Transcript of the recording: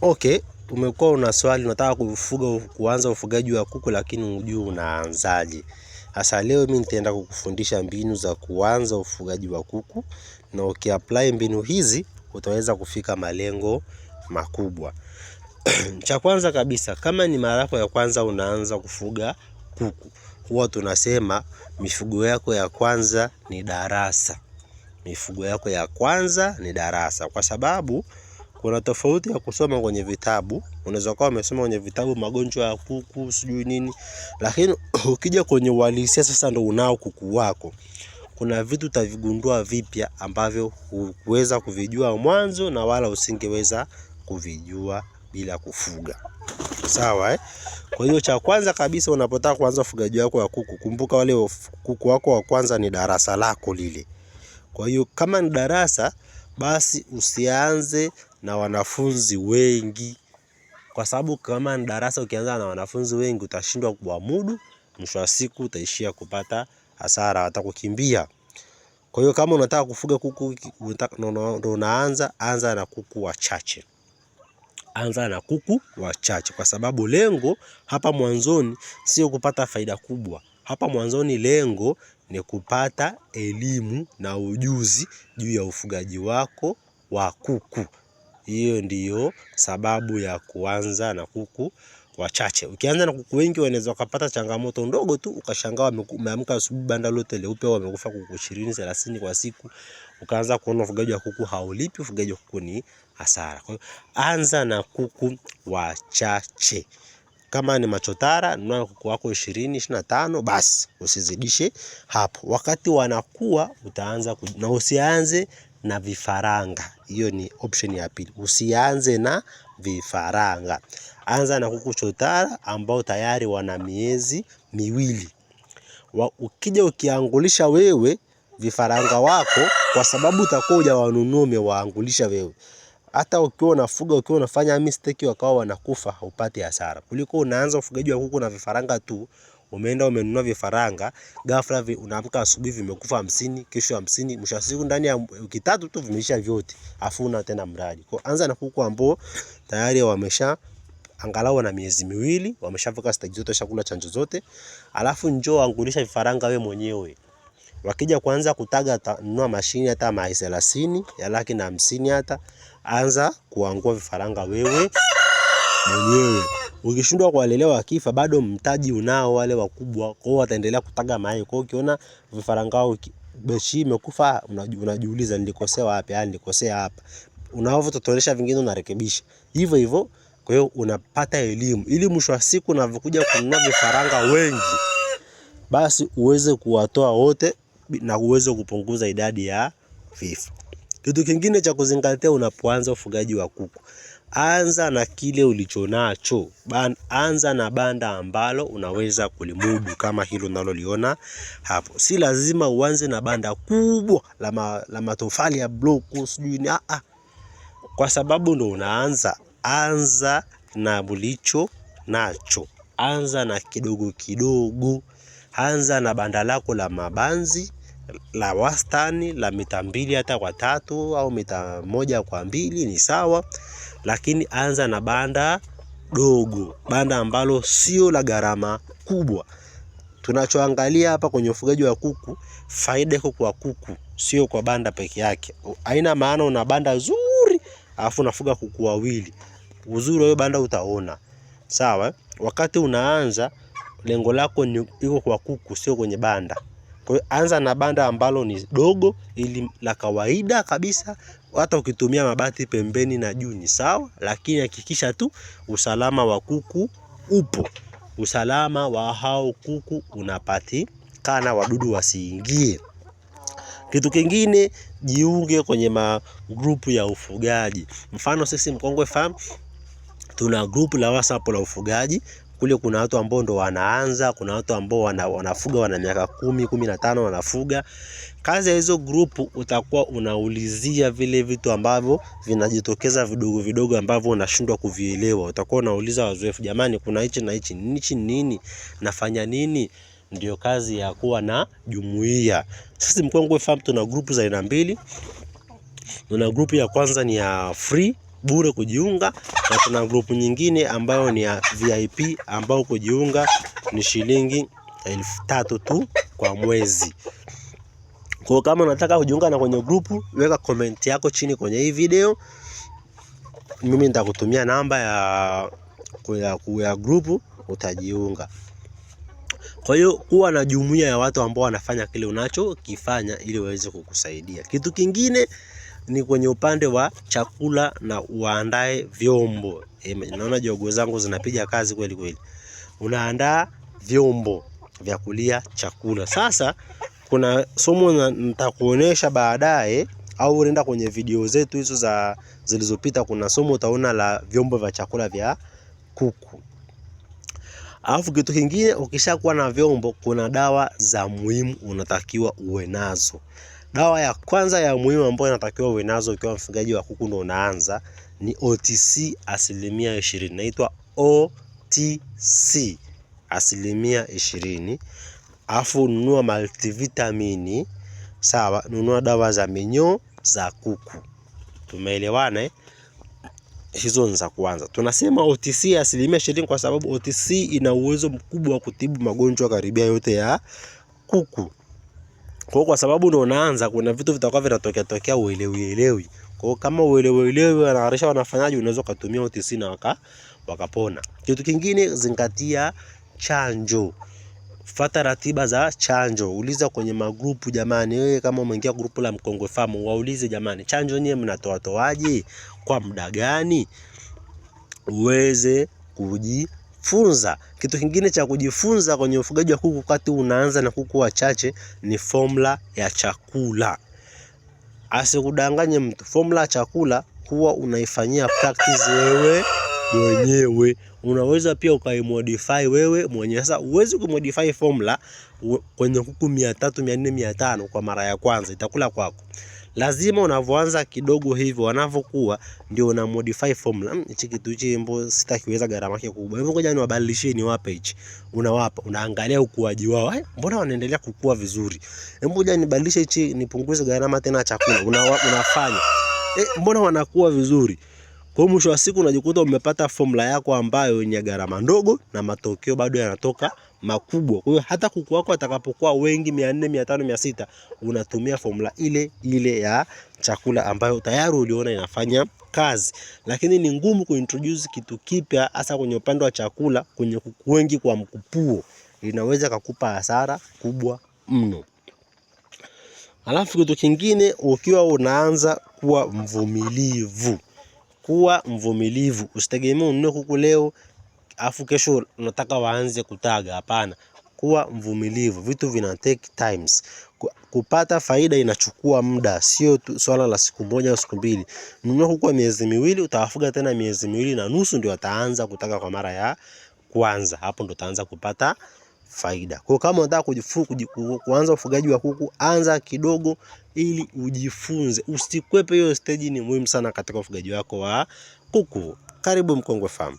Okay, umekuwa una swali unataka kufuga kuanza ufugaji wa kuku lakini unajua unaanzaje. Sasa leo mimi nitaenda kukufundisha mbinu za kuanza ufugaji wa kuku na ukiapply mbinu hizi utaweza kufika malengo makubwa. Cha kwanza kabisa kama ni mara yako ya kwanza unaanza kufuga kuku, huwa tunasema mifugo yako ya kwanza ni darasa. Mifugo yako ya kwanza ni darasa kwa sababu kuna tofauti ya kusoma kwenye vitabu, unaweza kuwa umesoma kwenye vitabu magonjwa ya kuku sijui nini, lakini ukija kwenye uhalisia sasa ndo unao kuku wako, kuna vitu utavigundua vipya ambavyo hukuweza kuvijua mwanzo na wala usingeweza kuvijua bila kufuga. Sawa eh? Kwa hiyo cha kwanza kabisa unapotaka kuanza ufugaji wako wa kuku, kumbuka wale kuku wako wa kwanza ni darasa lako lile. Kwa hiyo kama ni darasa basi usianze na wanafunzi wengi kwa sababu kama ni darasa ukianza na wanafunzi wengi utashindwa kuamudu mwisho wa siku utaishia kupata hasara watakukimbia. Kwa hiyo kama unataka kufuga kuku ndo unaanza, anza na kuku wachache. Anza na kuku wachache kwa sababu lengo hapa mwanzoni sio kupata faida kubwa. Hapa mwanzoni lengo ni kupata elimu na ujuzi juu ya ufugaji wako wa kuku. Hiyo ndiyo sababu ya kuanza na kuku wachache. Ukianza na kuku wengi wanaweza wakapata changamoto ndogo tu, ukashangaa umeamka asubuhi banda lote leupe wamekufa kuku 20, 30 kwa siku. Ukaanza kuona ufugaji wa kuku haulipi, ufugaji wa kuku ni hasara. Kwa hiyo anza na kuku wachache. Kama ni machotara nunua kuku wako 20, 25 basi usizidishe hapo. Wakati wanakua utaanza na usianze na vifaranga. hiyo ni option ya pili. Usianze na vifaranga. Anza na kuku chotara ambao tayari wana miezi miwili. Ukija ukiangulisha wewe vifaranga wako kwa sababu utakuwa hujawanunua umewaangulisha wewe. Hata ukiwa unafuga ukiwa unafanya mistake wakawa wanakufa upate hasara. Kuliko unaanza ufugaji wa kuku na vifaranga tu umeenda umenunua vifaranga, ghafla vi, unaamka asubuhi vimekufa hamsini, kesho hamsini, mwisho wa siku ndani ya wiki tatu tu vimeisha vyote, afu una tena mradi. Kwa anza na kuku ambao tayari wamesha angalau wana miezi miwili, wameshavuka stage zote, chakula chanjo zote, alafu njoo angulisha vifaranga we mwenyewe. Wakija kuanza kutaga, nunua mashine hata mayai thelathini ya laki na hamsini, hata anza kuangua vifaranga wewe mwenyewe. Ukishindwa kuwalelea wakifa, bado mtaji unao wale wakubwa, kwao wataendelea kutaga mayai. Kwao ukiona vifaranga wao beshi imekufa, unajiuliza nilikosea wapi? Ah, nilikosea hapa. Unavyototolesha vingine unarekebisha hivyo hivyo. Kwa hiyo unapata elimu ili mwisho wa siku unavyokuja kununua vifaranga wengi, basi uweze kuwatoa wote na uweze kupunguza idadi ya vifo. Kitu kingine cha kuzingatia unapoanza ufugaji wa kuku. Anza na kile ulichonacho. Anza na banda ambalo unaweza kulimudu kama hilo unaloliona hapo. Si lazima uanze na banda kubwa la, ma, la matofali ya bloku sijui ni ah. ah. Kwa sababu ndo unaanza. Anza na ulicho nacho. Anza na kidogo kidogo. Anza na banda lako la mabanzi la wastani la mita mbili hata kwa tatu au mita moja kwa mbili ni sawa, lakini anza na banda dogo, banda ambalo sio la gharama kubwa. Tunachoangalia hapa kwenye ufugaji wa kuku, faida iko kwa kuku, sio kwa banda peke yake. Haina maana una banda zuri alafu unafuga kuku wawili, uzuri wa hiyo banda utaona. Sawa, wakati unaanza lengo lako ni iko kwa kuku, sio kwenye banda. Kwa hiyo anza na banda ambalo ni dogo ili la kawaida kabisa, hata ukitumia mabati pembeni na juu ni sawa, lakini hakikisha tu usalama wa kuku upo. Usalama wa hao kuku unapatikana, wadudu wasiingie. Kitu kingine, jiunge kwenye magrupu ya ufugaji. Mfano sisi Mkongwe Farm tuna grupu la WhatsApp la ufugaji. Kule kuna watu ambao ndo wanaanza, kuna watu ambao wana, wanafuga wana miaka kumi, kumi na tano wanafuga. Kazi ya hizo group utakuwa unaulizia vile vitu ambavyo vinajitokeza vidogo vidogo ambavyo unashindwa kuvielewa. Utakuwa unauliza wazoefu, jamani, kuna hichi na hichi, nichi nini, nafanya nini? Ndio kazi ya kuwa na jumuiya. Sisi Mkongwe Farm tuna group za aina mbili. Tuna group ya kwanza ni ya free bure kujiunga, na tuna grupu nyingine ambayo ni ya VIP ambao kujiunga ni shilingi elfu tatu tu kwa mwezi. Kwa kama unataka kujiunga na kwenye grupu, weka comment yako chini kwenye hii video. Mimi nitakutumia namba ya ya, ya grupu utajiunga. Kwa hiyo kuwa na jumuiya ya watu ambao wanafanya kile unachokifanya ili waweze kukusaidia. Kitu kingine ni kwenye upande wa chakula na uandae vyombo. Naona jogo zangu zinapiga kazi kweli kweli. Unaandaa vyombo vya kulia chakula. Sasa kuna somo nitakuonesha baadaye au unaenda kwenye video zetu hizo za zilizopita, kuna somo utaona la vyombo vya chakula vya kuku. Alafu kitu kingine, ukishakuwa na vyombo, kuna dawa za muhimu unatakiwa uwe nazo. Dawa ya kwanza ya muhimu ambayo inatakiwa uwe nazo ukiwa mfugaji wa kuku ndo unaanza ni OTC asilimia ishirini. Inaitwa OTC asilimia ishirini. Afu nunua multivitamini sawa, nunua dawa za minyoo za kuku. Tumeelewana eh? Hizo ni za kwanza. Tunasema OTC asilimia ishirini kwa sababu OTC ina uwezo mkubwa wa kutibu magonjwa karibia yote ya kuku. Kwa kwa sababu ndo unaanza, kuna vitu vitakuwa vinatokea tokea uelewi elewi. Kwa hiyo kama uelewi elewi wanaharisha wanafanyaji, unaweza kutumia wote na waka wakapona. Kitu kingine, zingatia chanjo. fata ratiba za chanjo. Uliza kwenye magrupu jamani, wewe kama umeingia grupu la Mkongwe Farm, waulize jamani, chanjo nyie mnatoa toaje? Kwa muda gani? Uweze kuji kujifunza. Kitu kingine cha kujifunza kwenye ufugaji wa kuku wakati unaanza na kuku wachache ni formula ya chakula. Asikudanganye mtu, formula ya chakula huwa unaifanyia practice wewe mwenyewe. Unaweza pia ukaimodify wewe mwenyewe. Sasa uwezi kumodify formula kwenye kuku mia tatu mia nne mia tano kwa mara ya kwanza, itakula kwako lazima unavyoanza kidogo hivyo wanavyokuwa ndio una modify formula. Mm, hichi kitu hichi mbo sitakiweza gharama yake kubwa, hivyo ngoja niwabadilishie, niwape hichi. Unawapa, unaangalia ukuaji wao, eh, mbona wanaendelea kukua vizuri, hebu ngoja nibadilishe hichi, nipunguze gharama tena chakula. Unafanya eh, mbona wanakuwa vizuri. Kwa hiyo mwisho wa siku unajikuta umepata formula yako ambayo ni gharama ndogo na matokeo bado yanatoka makubwa. Kwa hiyo hata kuku wako atakapokuwa wengi 400, 500, 600 unatumia formula ile ile ya chakula ambayo tayari uliona inafanya kazi. Lakini ni ngumu kuintroduce kitu kipya hasa kwenye upande wa chakula kwenye kuku wengi kwa mkupuo. Inaweza kukupa hasara kubwa mno. Alafu kitu kingine ukiwa unaanza kuwa mvumilivu kuwa mvumilivu, usitegemee ununue kuku leo afu kesho unataka waanze kutaga. Hapana, kuwa mvumilivu, vitu vina take times. Kupata faida inachukua muda, sio swala la siku moja au siku mbili. Nunua kuku wa miezi miwili, utawafuga tena miezi miwili na nusu, ndio wataanza kutaga kwa mara ya kwanza. Hapo ndo utaanza kupata faida. Kwa kama unataka kuanza ufugaji wa kuku, anza kidogo ili ujifunze. Usikwepe hiyo stage, ni muhimu sana katika ufugaji wako wa kuku. Karibu Mkongwe Farm.